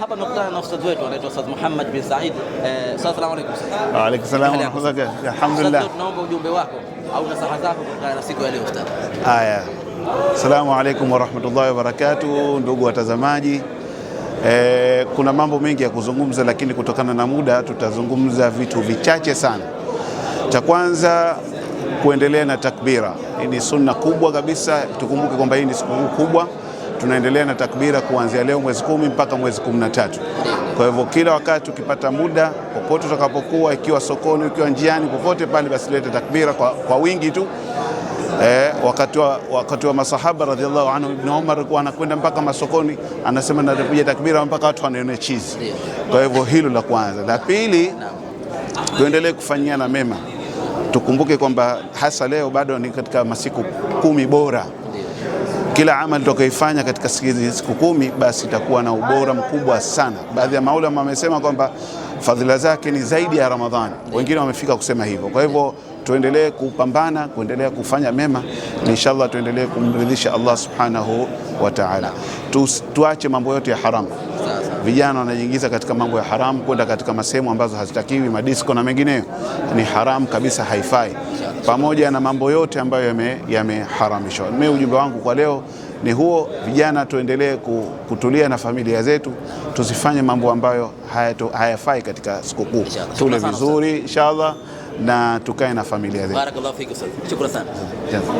Hapa tunakutana na ustadhi wetu anaitwa Ustadh Muhammad bin Said. Eh, Assalamu alaykum. Wa alaykum salaam wa Alhamdulillah. Tunaomba ujumbe wako au nasaha zako kutokana na siku ya leo ustadh. Haya. Assalamu alaykum wa rahmatullahi wa barakatuh, ndugu watazamaji. Eh, kuna mambo mengi ya kuzungumza lakini kutokana na muda tutazungumza vitu vichache sana. Cha kwanza kuendelea na takbira. Hii ni sunna kubwa kabisa. Tukumbuke kwamba hii ni siku kubwa tunaendelea na takbira kuanzia leo mwezi kumi mpaka mwezi kumi na tatu. Kwa hivyo kila wakati ukipata muda, popote utakapokuwa, ikiwa sokoni, ikiwa njiani, popote pale, basi leta takbira kwa, kwa wingi tu. Eh, wakati wa, wakati wa masahaba radhiallahu anhu, Ibn Umar alikuwa anakwenda mpaka masokoni, anasema napiga takbira mpaka watu wanaona chizi. Kwa hivyo hilo la kwanza. La pili, tuendelee kufanyiana mema, tukumbuke kwamba hasa leo bado ni katika masiku kumi bora kila amali tutakayoifanya katika siku kumi basi itakuwa na ubora mkubwa sana. Baadhi ya maulama wamesema kwamba fadhila zake ni zaidi ya Ramadhani, wengine wamefika kusema hivyo. Kwa hivyo tuendelee kupambana, kuendelea kufanya mema, na inshallah tuendelee kumridhisha Allah subhanahu wa ta'ala. Tu, tuache mambo yote ya haramu vijana wanajiingiza katika mambo ya haramu, kwenda katika masehemu ambazo hazitakiwi, madisko na mengineyo, ni haramu kabisa, haifai, pamoja na mambo yote ambayo yameharamishwa. Yame mimi ujumbe wangu kwa leo ni huo, vijana tuendelee kutulia na familia zetu, tusifanye mambo ambayo hayafai katika sikukuu, tule vizuri inshallah na tukae na familia zetu. Barakallahu sana.